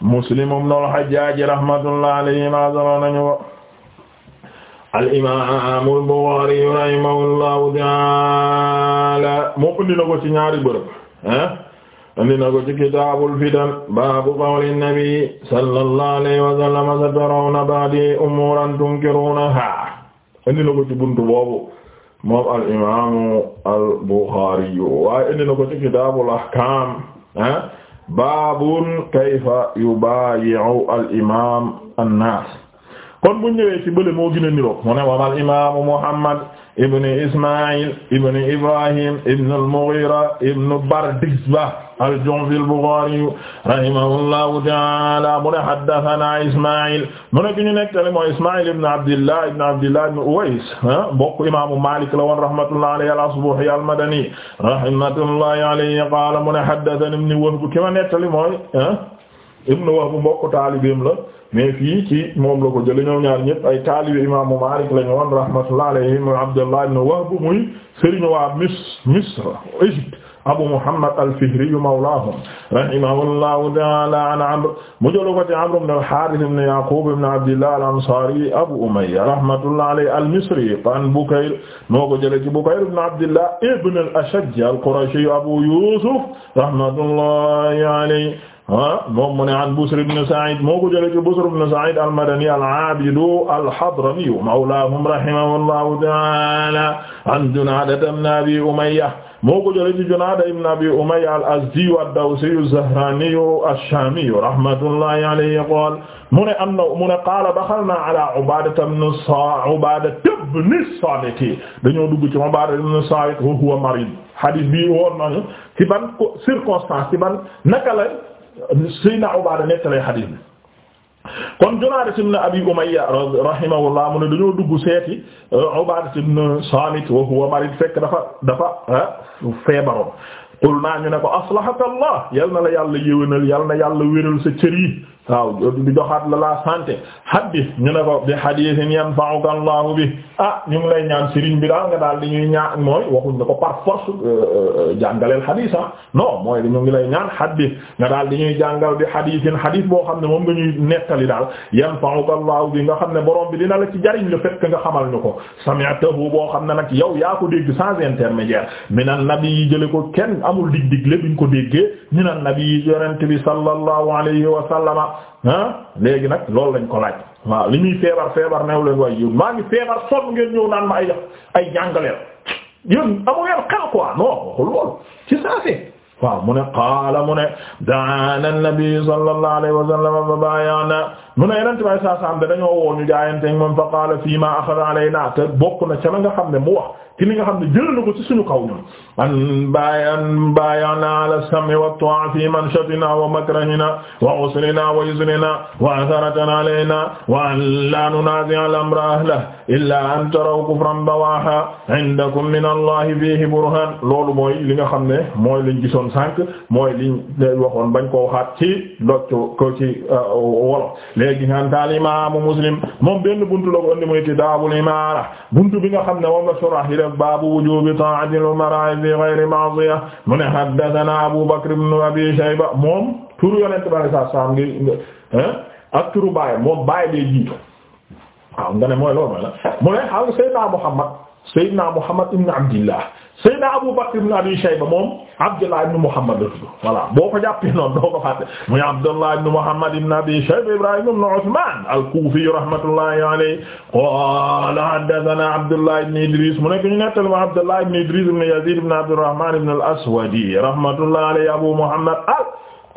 muslim ibn hajjaaj rahmatullahi alayhi ma solo nañu ko al imaamu al buxaari indi na ko ci ñaari bërëb ah indi na ko ci kitaabul fitan baabu qawli nabi sallallahu alayhi wa sallam satarawna ba'di umuuran tunkiruunahaa indi na ko ci buntu boobu moom al imaamu al Buxaari waaye indi na ko ci kitaabul ahkaam ah, baabun kayfa yubaayi'u al imaam an-naas kon bu ñëwee ci bële moo gën a niroog mu ne moom al imaamu Muhammad ibn Ismaïl ibn Ibrahim ibn al-Mughira ibn Bardizbah al-Ju'fi al-Bukhari rahimahullahu ta'ala mu ne haddathana Ismaïl mu ne ki ñu nekkale mooy Ismaïl ibn Abdillah ibn Abdillah ibn Uways bokk imaamu Malik la woon rahmatullahi alayhi al-Asbahi al-Madani rahmatullahi alayhi qala mu ne haddathani ibn Wahb ki ma nettali mooy ibnu Wahb bu mbokk taalibeem la mais fii ci moom la ko jëlee ñoom ñaar ñëpp ay taalibe imaamu Maalik lañu woon rahmatullah alayhi mu Abdullah ibnu Wahb bu muy sëriñu waa Mis Misr Égypte Abu Muhammad al-Fihri mawlaahum rahimahullahu ta'ala an Amr mu jëlu ko ci Amr ibn al-Harith ibn Yaqub ibn Abdillah al-Ansari Abu Umayya rahmatullah alayhi al-Misri an Bukayr moo ko jëlee ci Bukayr ibn Abdillah ibn al-Ashajj al-Qurashi Abu Yusuf rahmatullahi alayhi Ah moom mu ne an Busr ibn Sa'id moo ko jëlee ci Busr ibn Sa'id al-Madani al-Abidu al-Hadrami mawlahum rahimahullahu ta'ala an Junaada ibn Abi Umayya moo ko jëlee ci Junaada ibn Abi Umayya al-Azdi ad-Dawsi az-Zahrani ash-Shami rahmatullahi alayhi qaala mu ne am na mu ne qaala daxalna ala Ubaada ibn Saa'id Ubaada ibn Saamit dañoo dugg ci Ubaada ibn Saamit wa huwa marid hadith bi woon nañu ci ban circonstance ci ban naka la Seydina Ubaada nettalee xadiis bi kon Junaadis ibn Abi Umayya rahimahullah mu ne dañoo dugg seeti uh, Ubaada ibn Saamit wa huwa marid fekk dafa dafa feebaroon qul naa ñu ne ko aslahaka Allah yal na la yàlla yéwénal yal na yàlla wéral sa cër yi waaw di joxaat la la santé haddis ñu ne ko bi hadisin yanfa'uka Allahu bi ah ñu ngi lay ñaan sëriñ bi daal nga daal di ñuy ñaan mooy waxuñ ne ko par force euh, euh, jàngaleel hadis ah non mooy ñu ngi lay ñaan haddis nga daal di ñuy jàngal bi hadisin hadis boo xam ne moom nga ñuy nettali daal yanfa'uka Allahu bi nga xam ne boroom bi dina la ci jariñ le fekk nga xamal ñu ko sami'tahu boo xam ne nag yow yaa ko dégg sans intermédiaire minan nabi yi jële ko kenn amul dig digle biñ ko déggee minan nabi yi yonent bi sallallahu alayhi wa sallama Ah léegi nag loolu lañ ko laaj waaw li muy feebar feebar new leen waaye yéen maa ngi feebar sonn ngeen ñëw naan ay ay jàngaleel yéen amu ngeen xel quoi non waxul loolu ci saase waaw mu ne mu ne daana nabi sallallahu alayhi wa sallam fa mu ne yeneen tubaab saa saa am dañoo woo ñu jaayanteeg moom fa qaala fii maa axada alaynaa te bokk na ca la nga xam ne mu wax ci li nga xam ne jëlee na ko ci suñu kaw ñun. an baya an bayanaa ala sam'i wa ta'a fii manshatinaa wa makrahinaa wa usrinaa wa yusrinaa wa asaratin alaynaa wa an laa nunaazi'a al-amra ahlahu illaa an taraw kufran bawaahan indakum min allahi fiihi burhaan loolu mooy li nga xam ne mooy liñ gisoon sànq mooy liñ waxoon bañ koo waxaat ci docc ko ci euh, wolof léegi santal imaamu muslim moom benn buntu la ko indi muy kitaabul imaara buntu bi nga xam ne moom la surah yi def baabu wujuubi ta'atil umara fi ghayri ma'siya mu ne haddathana abu bakr ibn abi shayba moom turu yonent bi sallallahu alayhi wasallam ngi ak turu baay moom baay bee jiitu waaw nga ne mooy loolu mooy la mu ne xaw sayyidina muhammad sayyidina muhammad ibn abdillah sayyidina abu bakr ibn abi shayba moom Abdullah ibn Muhammad la tudd voilà boo ko jàppee noonu doo ko fàtte muy Abdullah ibn Muhammad ibn Abi Shayba Ibrahim ibn Uthman al-Kufi rahmatullahi alayhi qala haddathana Abdullah ibn Idris mu nekk ñu nettali ma Abdullah ibn Idris ibn Yazid ibn Abdurrahman ibn al-Aswadi rahmatullahi alayhi Abu Muhammad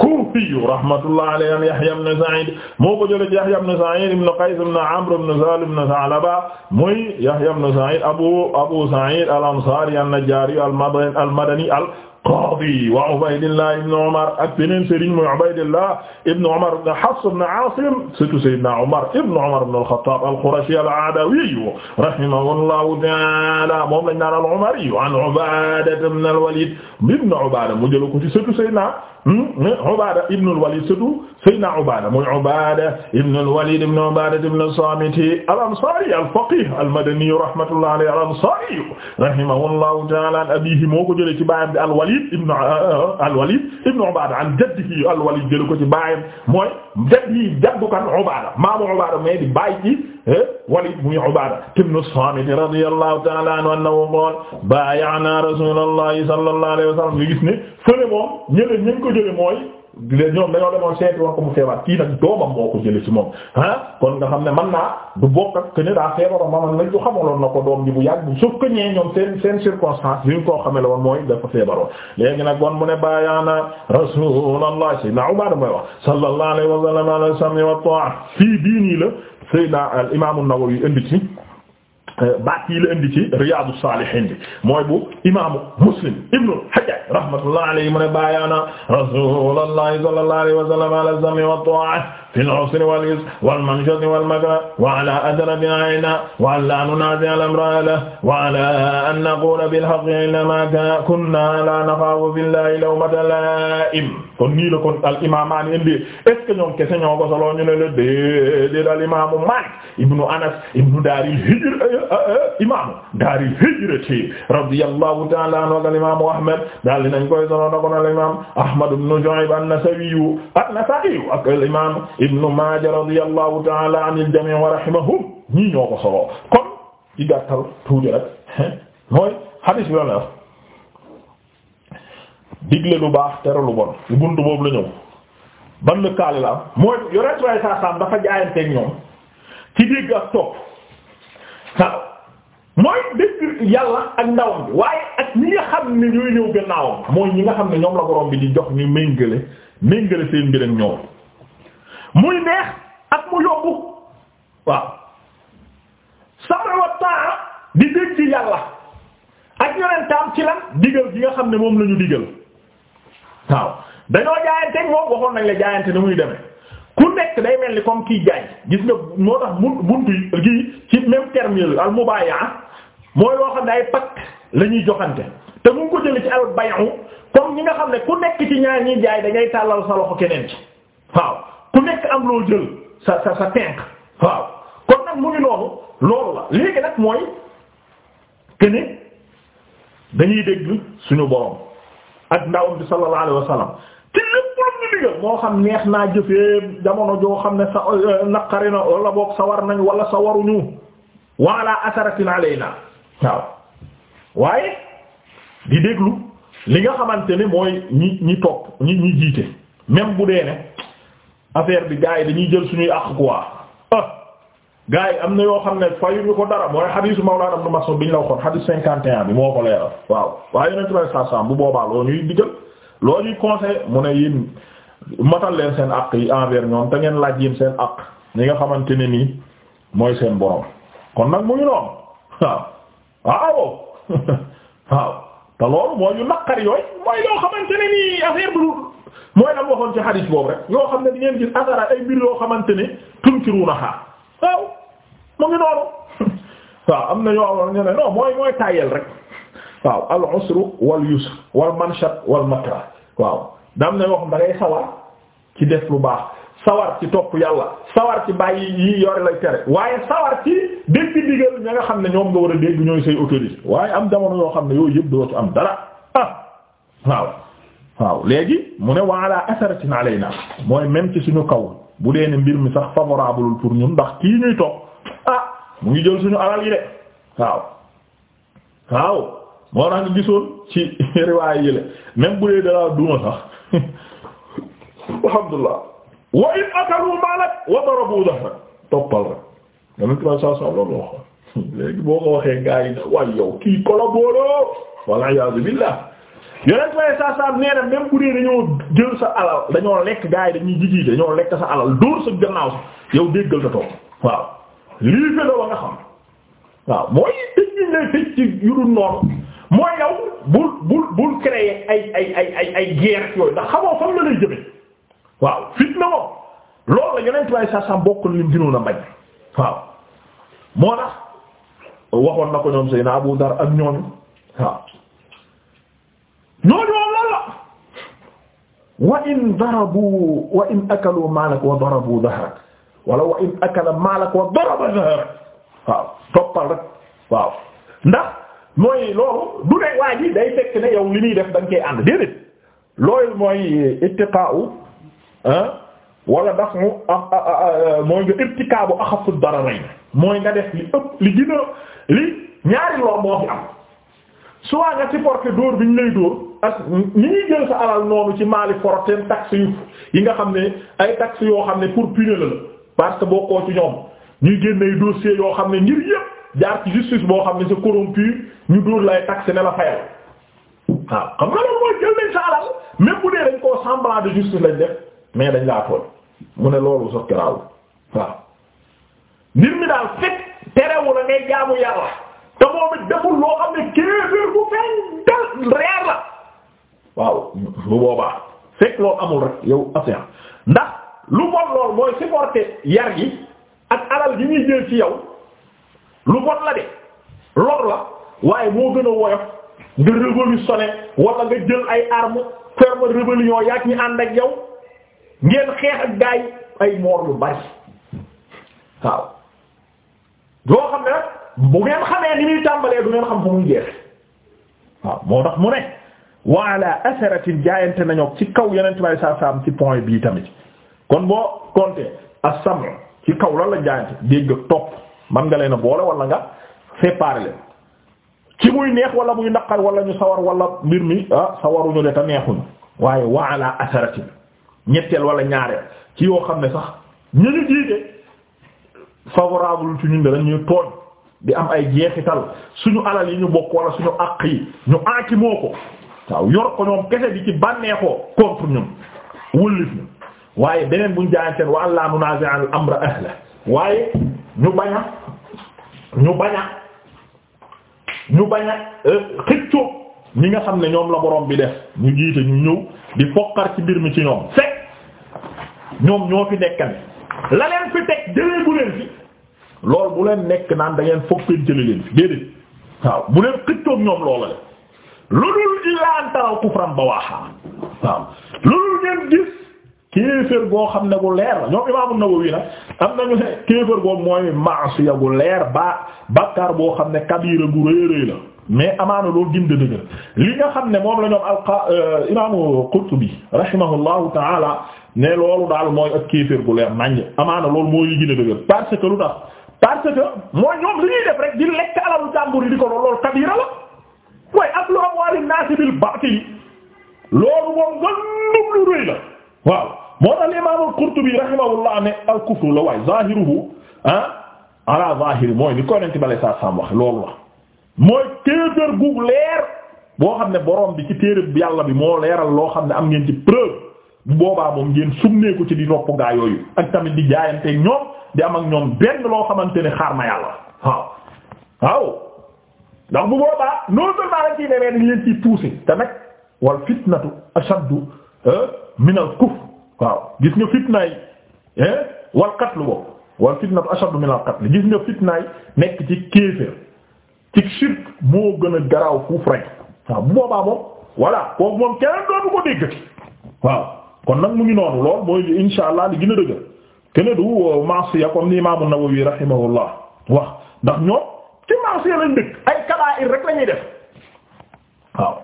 Kufi rahmatullah alayhi an Yahya ibn Sa'id moo ko jëlee Yahya ibn Sa'id ibn Qays ibn Amr ibn Sahl ibn Tha'laba muy Yahya ibn Sa'id Abu Abu Sa'id al-Ansari an-Najjari al-Madani al qaadi wa Ubaydillah ibn Umar ak beneen sëriñ mooy Ubaydillah ibn Umar ibn Hafs ibn Asim surtout Sayyidina Umar ibn Umar ibn al-Khattab al-Qurashi al-Adawi rahimahullahu ta'ala moom lañ naan al-Umari an Ubada ibn al-Walid ibn Ubada mu jël ko ci surtout Sayyidina hmm, Ubada ibn al-Walid surtout Sayyidina Ubada mooy Ubada ibn al-Walid ibn Ubada ibn as-Samit al-Ansari al-faqih al-Madani rahmatullahi alayhi al-Ansari rahimahullahu ta'ala abiihi moo ko jël ci baayam al-Walid Walid ibn euh, euh, al-Walid ibn Ubaada an jaddihi al-Walid jël ko ci baayam mooy jaddi jaddu kan Ubaada maamu Ubaada mais di bàyyi ci euh, Walid muy Ubaada ibn Saamit radiyallahu ta'ala anhu annahu qaala baaya'na rasuulallahi sallallahu alayhi wa sallam nga gis ne fële moom ñeneen ñi ko jëlee mooy di leen ñoom dañoo demoon seeti woon ko mu feebar kii nag doomam moo ko jële ci moom ah kon nga xam ne man naa du bokk ak que ne daa feebaroon man lañ du xamaloon na ko doom ji bu yàgg sauf que ñee ñoom seen seen circonstance li koo xamee la woon mooy dafa feebaroon léegi nag wan mu ne bàyyaana rasulullah sayyidina Umar mooy wax sallallahu alayhi wa sallam ala sam'i wa ta'a fii diini la sayyidina al imam an-Nawawi indi ci Euh, baat yi la indi ci Riyadou Salihine bi mooy bu imaamu Muslim ibnu Hajjaj rahmatullahi alayhi mu ne baayaana Rasulullah sallallahu alayhi wa sallam ala sam'i wa ta'a fil usri wal yusri wal manshati wal makri wa ala atrafi ayna wa alla nunazi'a al-amra wa ala an naqula bil haqqi innama kunna la nakhafu billahi lawmata la'im kon nii la kon al imaamaan indi est-ce que ñoom kese ñoo ko solo ñu ne le déedéet al imaamu Maalik ibnu Anas ibnu daaril hijra euh, euh, euh, imaamu daaril hijrati radiyallahu ta'ala anhu ak al imaamu Ahmad daal dinañ koy solo na kon al imaam Ahmad ibnu Shu'ayb an-Nasawi an-Nasa'i ak al imaam ibnu Maaja radiyallahu ta'ala anil jami' wa rahimahum ñii ñoo ko soloo kon ci gàttal tuuti rek mooy hadis bi la digle lu baax tere lu bon lu buntu boobu la ñëw ban lëkkaale la am mooy yoretu waay saasaam dafa jaayanteeg ñoom ci dégg ak topp waaw mooy dégg yàlla ak ndawam bi waaye ak ñi nga xam ne ñooy ñëw gannaawam mooy ñi nga xam ne ñoom la borom bi di jox ñu méngale méngale seen mbir ñoom. muy neex ak mu yóbbu waaw sabr wa ta'a di dégg ci yàlla ak yonentam ci lan digal gi nga xam ne moom lañu ñu digal waaw dañoo jaayanteeg moom waxoon nañ la jaayante ni muy demee ku nekk day mel ni comme kii jaay gis nga moo tax mun buntu yi ci même terme yi al mubaaya mooy loo xam ne ay pacte la ñuy joxante te mu ngi ko jëlee ci al bay'u comme ñi nga xam ne ku nekk ci ñaar ñiy jaay da ngay tàllal sa loxo keneen ci waaw. ku nekk am loo jël sa sa sa tenk waaw kon nag mu ngi loolu loolu la léegi nag mooy kene dañuy dégg suñu borom ak ndawam bi sallallahu alayhi wa naa jëfee jamono joo xam ne sa euh, naqari wala war nañ wala sa waruñu wala asaratin alayna waaw waaye di déglu li nga xamante ne mooy ñi ñi topp ñi ñi jiite même bu dee ne affaire bi gars yi dañuy jël suñuy àq quoi ah gars yi am na yoo xam ne fayuñu ko dara mooy xadiisu Mawlaana Ibn Mas'ud bi ñu la waxoon xadiis cinquante et bi moo ko leeral waaw waaye yonent bi saa saam bu boobaa loo loo ñuy conseil mu ne leen seen àq yi envers ñoom te ngeen laaj yéen seen àq nga xamante ne nii mooy seen borom kon nag waaw te loolu moo ñu naqari yooyu mooy loo xamante ne nii affaire bi. mooy la waxoon ci hadith boobu rek yoo xam ne di ngeen gis asara ay mbir yoo xamante ne tunkiruuna xaa waaw mu ngi noonu waaw am na yoo xam ne non mooy mooy tayel rek waaw al usru wal yusr wal manshat wal makra waaw da am na yoo xam da ngay sawar ci def lu baax sawar ci topp yàlla sawar ci bàyyi yi yore lay tere waaye sawar ci dégg digal ña nga xam ne ñoom nga war a dégg ñooy say autorité waaye am jamono yoo xam ne yooyu yëpp doo ci am dara ah waaw waaw léegi mu ne wa ala asaratin alayna mooy même ci suñu kaw bu dee ne mbir mi sax favorable pour ñun ndax kii ñuy toog ah mu ngi jël suñu alal yi de waaw waaw moo tax ñu gisoon ci riwaay yële même bu dee dalaa duma sax alhamdulillah wa in akalu malak wa darabu dahrak toppal rek dana transaction loolu waxoon léegi boo ko waxee gaa yi ne waay yow kii kolo booloo wal iyaazu billah yonent lay saa saa nee na bu dee dañoo jël sa alal dañoo lekk gars yi dañuy jigi dañoo lekk sa alal dóor sa gannaaw si yow déggal ta toog waaw lii fela wa nga xam waaw la lay waaw fitna moom loolu la yonent lay saa saa bokkul lim gënoon a mbañ waaw moo tax waxoon na ko ñoom Seydina Abu Dar ak ñoom waaw ñooñu moom lan wa in darabu wa akalu maalak wa darabu dahrak wala wa in akala wa daraba dahrak waaw toppal rek waaw ndax mooy loolu du ne waa ji day fekk ne li muy def da nga koy ànd déedéet loolu mooy ittiqaa'u ah, wala daf mooy nga irtikaabu axafu dararayn mooy nga def li ëpp li gën li ñaari lor moo fi am soit nga supporter dóor bi ñu lay ak ni ñuy jël sa alal noonu ci maali foroteen taxe yu yi nga xam ne ay tax yoo xam ne pour punir la parce que bokkoo ci ñoom ñuy génnee dossier yoo xam ne ngir yëpp jaar ci justice boo xam ne c'est corrompu ñu dóor lay taxe ne la fayal waaw xam nga loolu mooy jël nañ de lañ mais dañ laa ne waaw mbir mi daal fekk terewu la ngay jaamu yàlla te moom deful loo xam ne kéefër bu feeñ dal reer la waaw bu boobaa fekk loolu amul rek yow affaire ndax lu bon lool mooy supporter yar gi ak alal gi ñuy jël ci yow lu bon la de lor la waaye moo gën a woyof nga révolutionné wala nga jël ay arme ferme rébellion yaa ñi ànd ak yow ngeen xeex ak gaay ay moor lu bari waaw yoo xam ne rek bu ngeen xamee ni ñuy tàmbalee du ngeen xam fu muy jeex waaw moo tax mu ne wa ala asaratin jaayante nañoo ci kaw yeneen tubaab yi saa saa am ci point bii tamit kon boo compter a sam ci kaw lan la jaayante dégg topp man nga leen a boole wala nga séparer ci muy neex wala muy naqar wala ñu sawar wala mbir mi ah sawaruñu de te neexuñu waaye wa ala asaratin ñetteel wala ñaareel ci yoo xam ne sax ñu ñu jiite favorable ci ñun de dañuy tooñ di am ay jeexital suñu alal yi ñu bokk wala suñu àq yi ñu aaki moo ko. waaw yor ko ñoom kese bi ci bànneexoo contre ñun wëllif ñu waaye beneen buñ jaayanteen wa an la nunazi'a al amra ahla waaye ñu baña ñu bañ a ñu bañ a euh, ñi nga xam ne ñoom la borom bi def ñu jiite ñu ñëw di foqar ci mbir mi ci ñoom fekk ñoom ñoo fi nekkal la leen fi teg jëlee bu leen fi loolu bu leen nekk naan da ngeen foog leen waaw bu leen xëccoog ñoom loola la lu dul illaa an taraw kufran bawaaxaa waaw lu dul ngeen gis kéefër goo xam ne gu leer la ñoom Imaam An-Nawawi nag am nañu ne kéefër goo mooy maasiya gu leer ba bakkaar boo xam ne kabiira gu réeréy la mais amaana loo ginde dëgg li nga xam ne moom la ñoom alqa euh, Imaamu Qurtubi rahimahullahu taala ne loolu daal mooy ak kéefër gu leer naññ amaana loolu mooy li ginde dëgg parce que lu tax parce que mooy ñoom li ñuy def rek di lekk alalu jàmbur yi di ko lool loolu kabiira la mooy aklu amwaali naasi bil baatil loolu moom gën lu rëy la waaw moo tax imaam al-Qurtubi rahimahullah ne al-kufru ah ala zaahiri mooy ni ko Yonent bi alayhi salaam wax loolu la mooy kéefër gu leer boo xam ne borom bi ci téere bi yàlla bi moo leeral loo xam ne am ngeen ci preuve boobaa moom ngeen sumneeku ci di nopp gaa yooyu ak tamit di jaayante ñoom di am ak ñoom benn loo xamante ne xaar ma yàlla waaw waaw. ndax bu boobaa non seulement dañ ciy demee dañ leen ciy pousser te nag euh, nekk ci kéefër ci gën a garaaw rek waaw bu moom voilà kooku nag mu ngi noonu lool mooy insha allah li gën a dëgër keneen du euh, maasiya comme ni imaamu Nawawi rahimahullah wax ndax ñoom ci marché lañ dëkk ay kabaa'ir rek la def waaw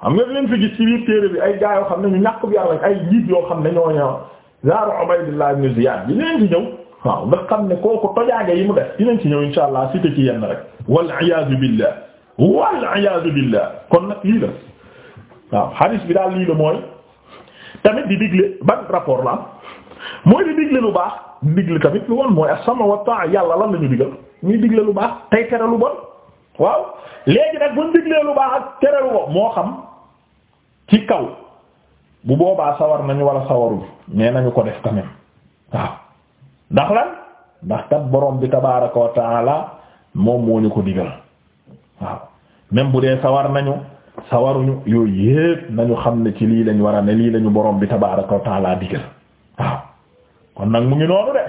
xam nga leen fi gis ci biir téere bi ay gaa xam ne ñu ñàkk bi yàlla ay jiit yoo xam ne ñoo ñëw zaaru Ubaydillah ibn ci ñëw ne kooku tojaage yi mu def dinañ ci ñëw insha allah cité ci yenn rek wal iyaadu billah wal iyaadu billah kon nag lii la waaw bi daal lii la mooy tamit di digle ban rapport la am mooy di digle lu baax digle tamit lu woon mooy as-sama wa ta'a yàlla lan la ñu digal. ñuy digle lu baax tey tere lu bon waaw léegi nag buñ diglee lu baax ak tere lu bon moo xam ci kaw bu boobaa sawar nañu walla sawarul mais nañu ko def quand même waaw ndax lan ndax tam borom bi tabaaraka wa moom moo ñu ko digal waaw même bu dee sawar nañu sawaruñu yooyu yépp nañu xam ne ci lii lañ war a ne lii lañu borom bi tabaaraka wa taala digal waaw kon nag mu ngi noonu de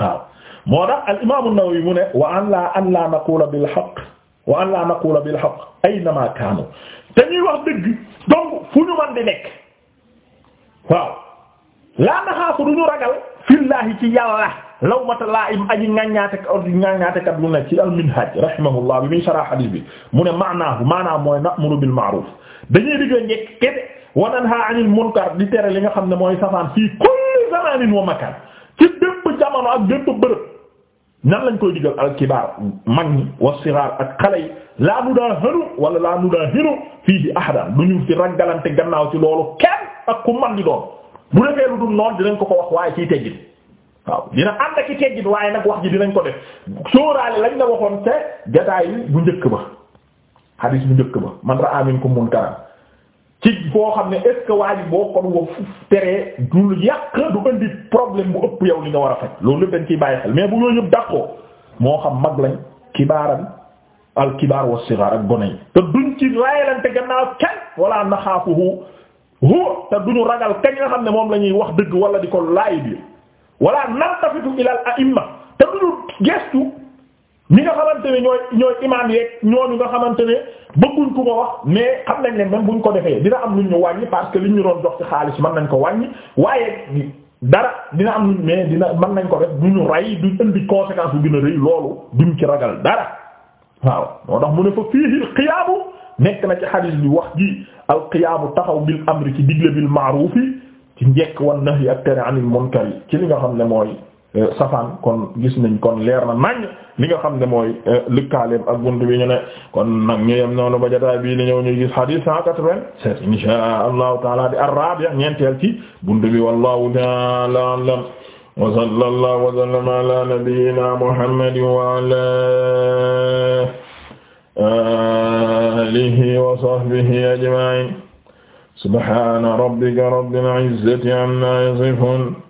waaw moo tax al imam an-Nawawi mu ne wa an la an la naqula bil haqq wa an la naqula bil haqq aynama kaanu te ñuy wax dëgg donc fu ñu man di nekk waaw laa naxaafu du ñu ragal fillaahi ci yàlla lawmata laa'im aji ngaññaate aji ngaññaate kat lu ne ci al-Minhaj rahimahullah bi muy sarah hadis bi mu ne maanaahu maanaam mooy na'muru bil ma'ruf dañuy digle njekk kete wa nanha 'anil munkar di tere li nga xam ne mooy safaan fii kulli zamanin wa makan ci bépp jamono ak bépp bërëb nan lañ koy digal alkibaar mag ñi wa sixaar ak xale yi laa nu daa hënu wala laa nu daa hënu fii ci ahadan du ñu fi raggalante gannaaw ci loolu kenn ak ku man di doon bu defee lu dul noonu dinañ ko ko wax waaye ciy teggin waaw dina ànd ak i teggin waaye nag wax ji dinañ ko def sóoraale lañ la waxoon te gataay bu njëkk ba hadis bu njëkk ba man ra'a minkum munkaran koo xam ne est-ce que waa boo kon wa teree du yàq du indi problème bu ëpp yow li nga war a faj loolu lépp dañ ciy bàyyi xel mais bu yooyu yëpp dàqoo moo xam mag lañ kibaaran al kibaar wa sigaar ak gone yi te duñ ci laayalante gannaaw kenn wala naxaafuhu huwa te duñu ragal kañ nga xam ne moom la ñuy wax dëgg wala di ko laay bi wala nartafitu ilal te duñu gestu ñi nga xamante ne ñooy ñooy imaam yeeg ñooñu nga xamante ne bëgguñ ko ko wax mais xam nañ ne même buñ ko defee dina am lu ñu wàññi parce que li ñu doon jox ci xaalis mën nañ ko wàññi waaye dara dina am luñ mais dina mën nañ ko def du ñu rey duñ indi conséquence bu gën a rëy loolu duñ ci ragal dara waaw moo tax mu ne fa fiihil xiyaamu nekk na ci xadiis bi wax ji al xiyaamu taxaw bil amri ci digle bil ma'rufi ci njekk wan nahyi ak tere anil yi ci li nga xam ne mooy Euh, safaan kon gis nañ kon leer na nañ li nga xam ne mooy euh, lëkkaaleem ak bunt bi ñu ne kon nag ñu yem noonu ba jotaay bii ni ñëw ñu gis hadith cent quatre-vingt-sept insha allahu taala di ar-rabi'a ñeenteel ci bunt bi wallahu ta'ala a'lam wa sallallahu wa sallama ala nabiyyina muhammad wa ala alihi wa sahbihi ajma'in subhana rabbika rabbil izzati amma yasifun